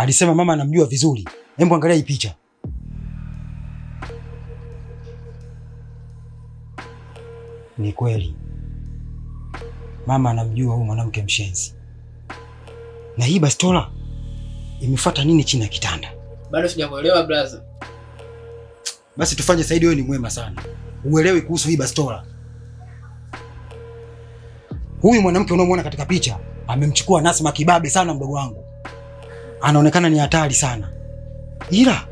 Alisema mama anamjua vizuri. Hebu angalia hii picha. Ni kweli mama anamjua huyu mwanamke mshenzi. Na hii bastola imefuata nini chini ya kitanda? Bado sijakuelewa brother. Basi tufanye Saidi, wewe ni mwema sana, uelewi kuhusu hii bastola. Huyu mwanamke unaomwona katika picha amemchukua Nasma kibabe sana, mdogo wangu anaonekana ni hatari sana, ila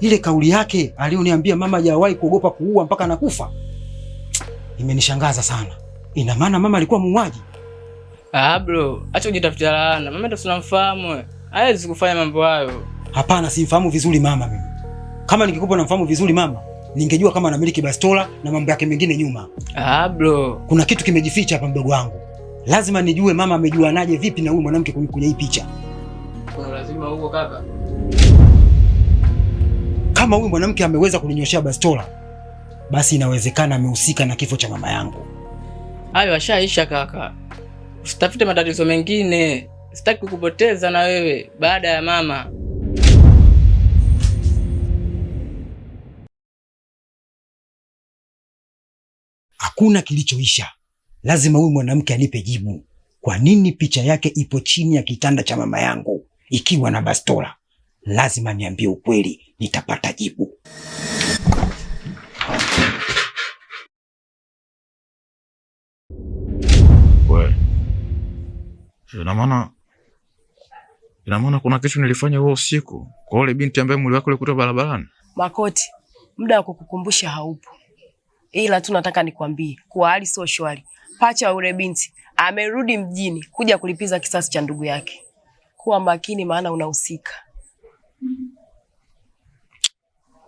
ile kauli yake aliyoniambia mama hajawahi kuogopa kuua mpaka anakufa imenishangaza sana. Ina maana mama alikuwa muuaji? Ah bro, acha kujitafutia laana. Mama ndio tunamfahamu, hawezi kufanya mambo hayo. Hapana, simfahamu vizuri mama mimi. Kama ningekuwa namfahamu vizuri mama ningejua kama anamiliki bastola na mambo yake mengine nyuma. Ah bro, kuna kitu kimejificha hapa mdogo wangu, lazima nijue mama amejuanaje vipi na huyu mwanamke kwenye hii picha mzima huko kaka. Kama huyu mwanamke ameweza kuninyoshea bastola, basi inawezekana amehusika na kifo cha mama yangu. Hayo ashaisha kaka, usitafute matatizo mengine. Sitaki kukupoteza na wewe baada ya mama. Hakuna kilichoisha, lazima huyu mwanamke anipe jibu. Kwa nini picha yake ipo chini ya kitanda cha mama yangu? ikiwa na bastola, lazima niambie ukweli, nitapata jibu. Ina maana ina maana kuna kitu nilifanya huo usiku kwa ule binti ambaye mwili wake ulikuta barabarani. Makoti, muda wa kukukumbusha haupo, ila tu nataka nikwambie kuwa hali sio shwari. Pacha ule binti amerudi mjini kuja kulipiza kisasi cha ndugu yake kuwa makini, maana unahusika.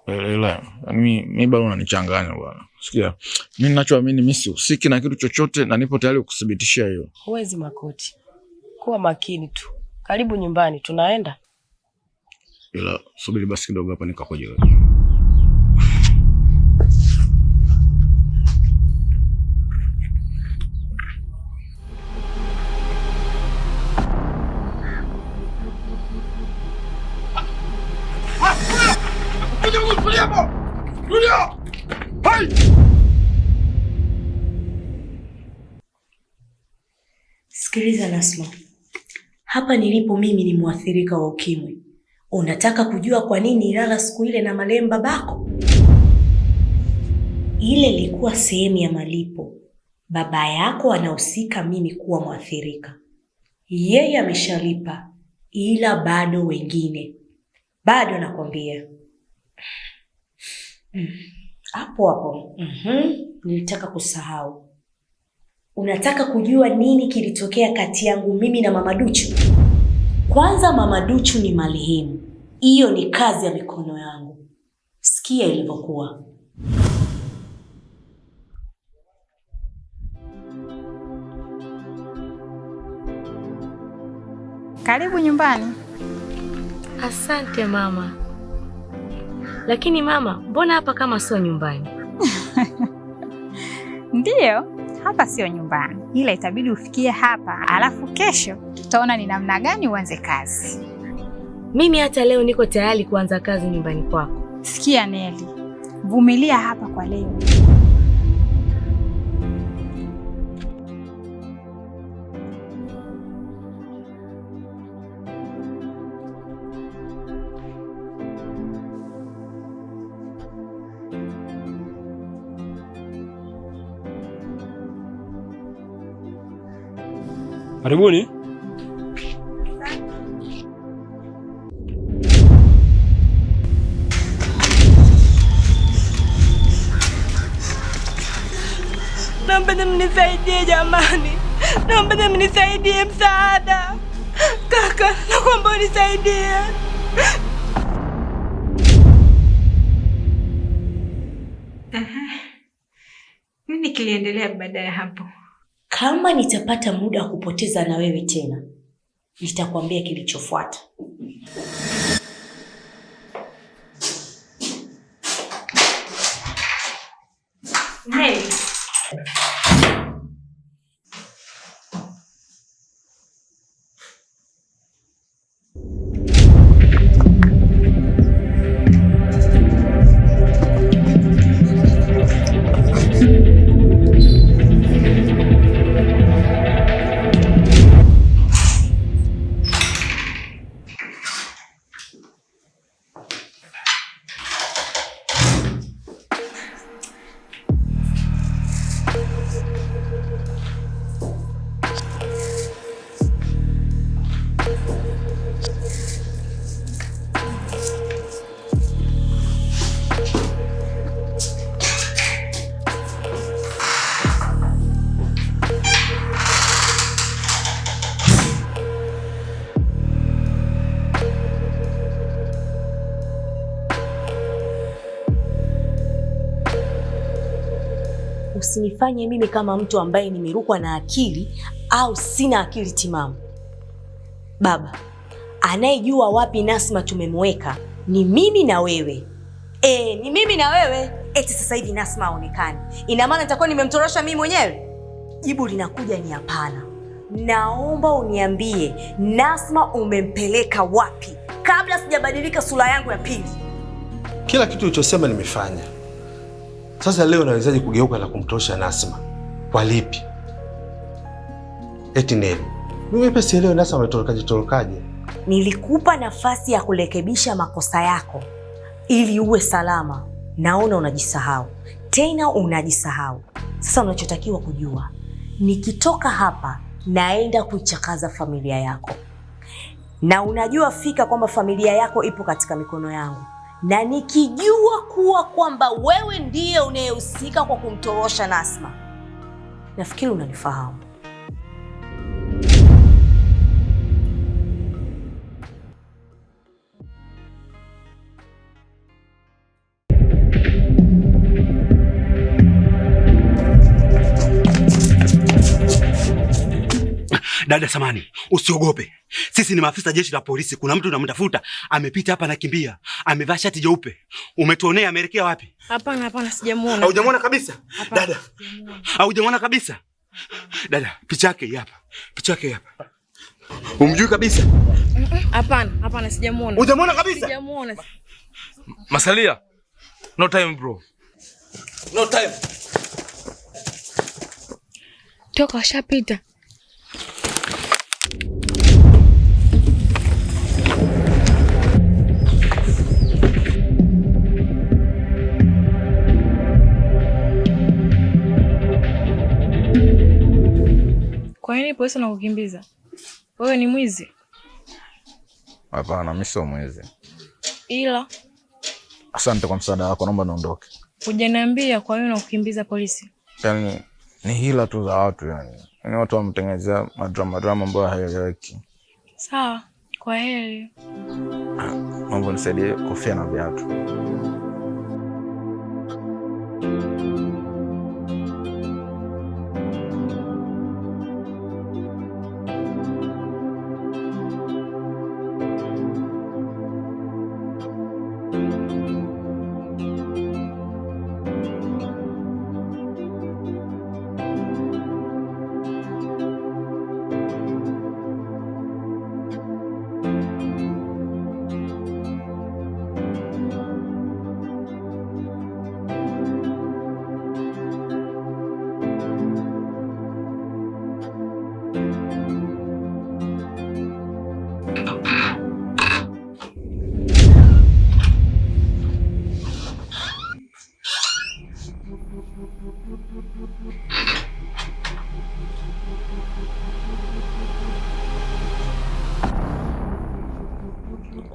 Eh, eh, mi bado unanichanganya bwana. Sikia, mi nachoamini mi sihusiki na kitu chochote, na nipo tayari kukuthibitishia hiyo. Huwezi Makoti, kuwa makini tu. Karibu nyumbani, tunaenda. Ila subiri basi kidogo hapa nikakoje Haydi Tulia Tulia. Sikiliza Nasma. Hapa nilipo mimi ni mwathirika wa ukimwi. Unataka kujua kwa nini nilala siku ile na marehemu babako? Ile ilikuwa sehemu ya malipo. Baba yako anahusika mimi kuwa mwathirika. Yeye ameshalipa, ila bado wengine bado, nakwambia. Mm. hapo hapo. mm -hmm. Nilitaka kusahau, unataka kujua nini kilitokea kati yangu mimi na mama Duchu? Kwanza, mama Duchu ni marehemu, hiyo ni kazi ya mikono yangu. Sikia ilivyokuwa Karibu nyumbani. Asante mama. Lakini mama, mbona hapa kama sio nyumbani? Ndiyo, hapa sio nyumbani, ila itabidi ufikie hapa, alafu kesho tutaona ni namna gani uanze kazi. Mimi hata leo niko tayari kuanza kazi nyumbani kwako. Sikia Neli, vumilia hapa kwa leo. Karibuni. Naomba mnisaidie jamani, naomba mnisaidie msaada. Kaka, naomba unisaidie. Nini kiliendelea baada ya hapo? Kama nitapata muda wa kupoteza na wewe tena, nitakwambia kilichofuata. Hey. usinifanye mimi kama mtu ambaye nimerukwa na akili au sina akili timamu. Baba anayejua wapi Nasma tumemweka ni mimi na wewe. E, ni mimi na wewe. Eti sasa hivi Nasma aonekane, ina maana nitakuwa nimemtorosha mimi mwenyewe? Jibu linakuja ni hapana. Naomba uniambie Nasma umempeleka wapi, kabla sijabadilika sura yangu ya pili. Kila kitu ulichosema nimefanya. Sasa leo nawezaje kugeuka na kumtosha Nasma kwa lipi? Eti nini? Mimi mwepesi elewe Nasma ametorokaje torokaje? Nilikupa nafasi ya kurekebisha makosa yako ili uwe salama. Naona unajisahau tena, unajisahau sasa. Unachotakiwa kujua, nikitoka hapa naenda kuichakaza familia yako, na unajua fika kwamba familia yako ipo katika mikono yangu na nikijua kuwa kwamba wewe ndiye unayehusika kwa kumtorosha Nasma, nafikiri unanifahamu. Dada Samani, usiogope, sisi ni maafisa jeshi la polisi. Kuna mtu namtafuta, amepita hapa, anakimbia, amevaa shati jeupe. Umetuonea, ameelekea wapi? Hapana, hapana, sijamuona. Haujamuona kabisa dada? Haujamuona kabisa dada? Picha yake hapa, picha yake hapa. Umjui kabisa? Hapana, hapana, sijamuona. Hujamuona kabisa? Sijamuona. Masalia, no time bro, no time, toka washapita nini polisi wanakukimbiza? Wewe ni mwizi? Hapana, mimi sio mwizi. Ila asante kwa msaada wako, naomba niondoke. Hujaniambia kwa nini unakukimbiza polisi. Yaani ni hila tu za watu, yani ni yaani watu wamtengenezea madrama drama ambayo hayaeleweki. Sawa, kwa heri. Mambo, ah, nisaidie kofia na viatu.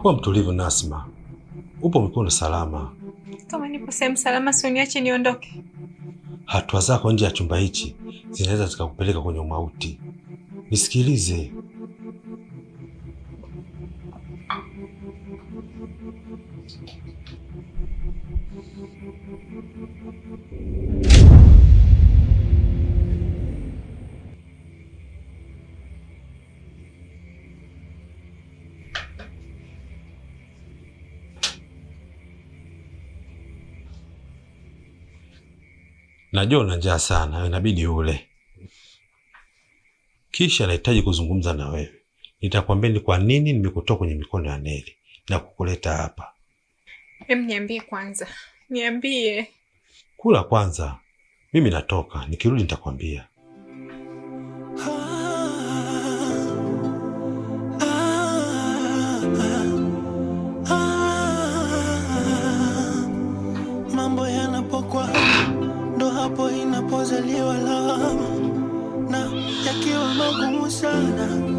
Kuwa mtulivu Nasma, upo mikono salama. Kama nipo sehemu salama, si uniache niondoke. Hatua zako nje ya chumba hichi zinaweza zikakupeleka kwenye mauti. Nisikilize, najua una njaa sana, inabidi ule. Kisha nahitaji kuzungumza na wewe, nitakwambia ni kwa nini nimekutoa kwenye mikono ya Neli na kukuleta hapa. Em, niambie kwanza, niambie. Kula kwanza, mimi natoka, nikirudi nitakwambia. sana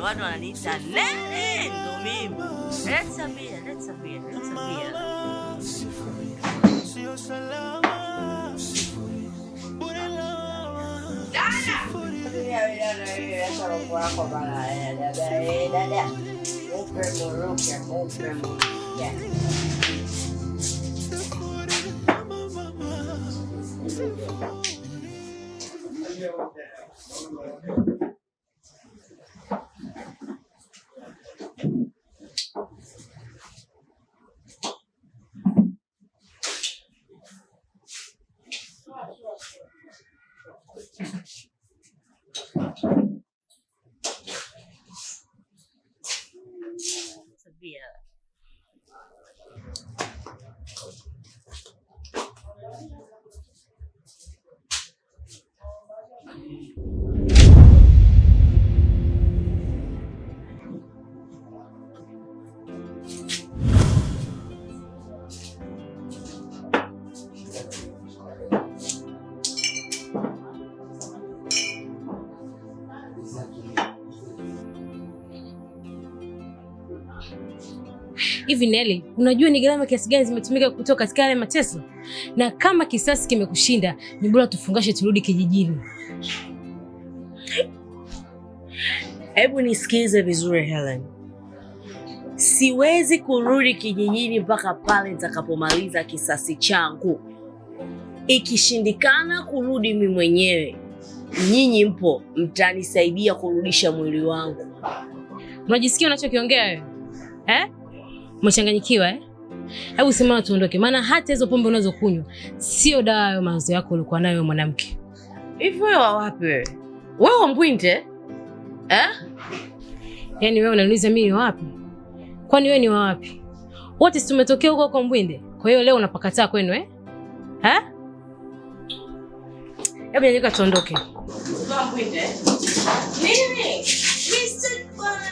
watu wananiita nene, ndo mimi. Red Samia, Red Samia, Dada. Thank you. Hivi Neli, unajua ni gharama kiasi gani zimetumika kutoka katika yale mateso? Na kama kisasi kimekushinda, ni bora tufungashe turudi kijijini. Hebu nisikize vizuri Helen. Siwezi kurudi kijijini mpaka pale nitakapomaliza kisasi changu. Ikishindikana kurudi mimi mwenyewe, nyinyi mpo mtanisaidia kurudisha mwili wangu. Unajisikia unachokiongea wewe? Eh? Umechanganyikiwa eh? Hebu simama tuondoke, maana hata hizo pombe unazokunywa sio dawa ya mawazo yako ulikuwa nayo mwanamke. Hivi wewe wapi wewe? Wewe mbwinde eh? Yaani wewe unaniuliza mimi wapi? Kwani wewe ni wa wapi? Wote si tumetokea huko kwa Mbwinde. Kwa hiyo leo unapakataa kwenu eh? Eh? Hebu nyanyuka tuondoke. Mbwinde. Mimi? Mr. Bwana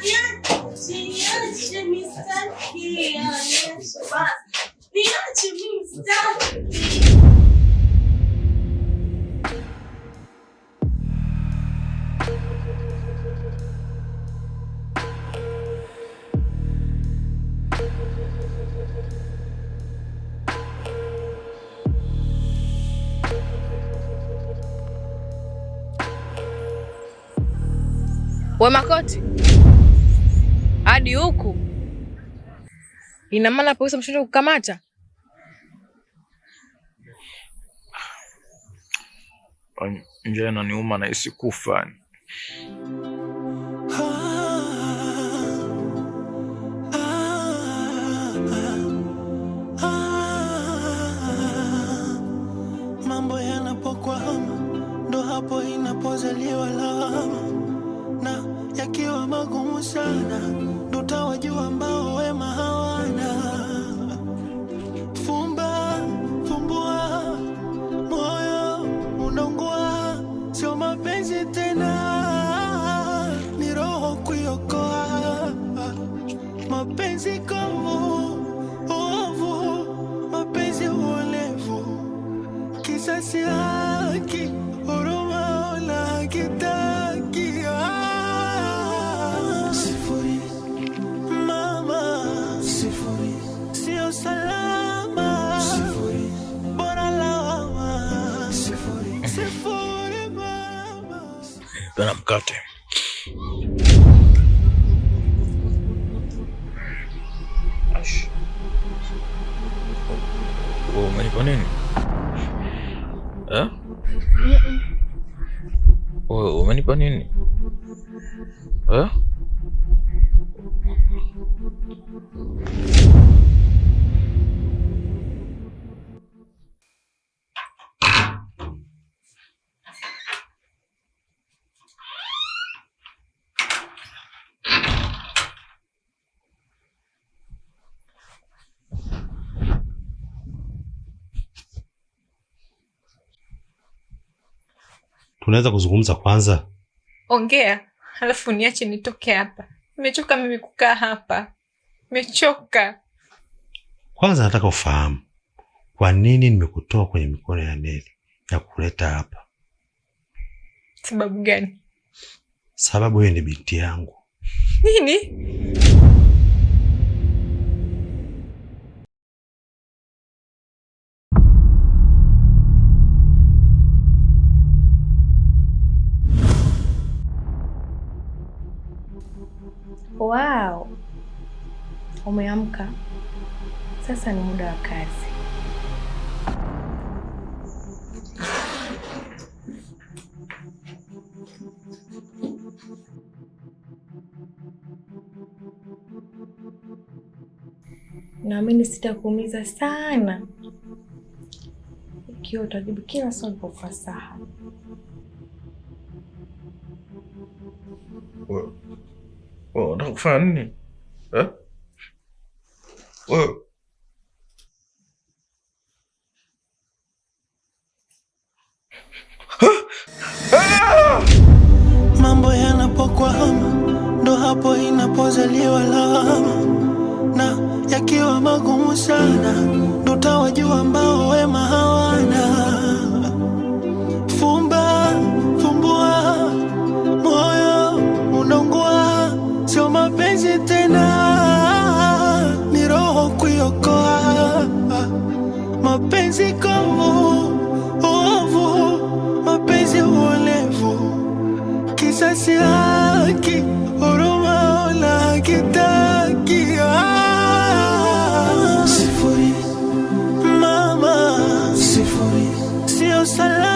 We Makoti, hadi huku Ina maana polisi ameshinda kukamata? Njaa inaniuma, nahisi kufa. Mambo yanapokwama ndo hapo inapozaliwa lawama, na yakiwa magumu sana ndo tawajua ambao wema hawa and mana ha? Oh, ni? Ha? Huh? Oh, mana ni? Ha? Huh? tunaweza kuzungumza kwanza? Ongea halafu niache nitoke hapa, nimechoka mimi kukaa hapa, nimechoka. Kwanza nataka ufahamu kwa nini nimekutoa kwenye mikono ya Neli na kukuleta hapa. Sababu gani? Sababu hiyo ni binti yangu. Nini? wao. Umeamka, sasa ni muda wa kazi. Naamini sitakuumiza sana ikiwa utajibu kila swali kwa ufasaha kufanya nini eh? Wewe mambo yanapokwama ndo hapo inapozaliwa lawama, na yakiwa magumu sana ndo utawajua ambao mapenzi tena, ni roho kuiokoa mapenzi kovu ovu, mapenzi uolevu, kisasi haki huruma ola hakitaki sifuri mama sifuri sio salama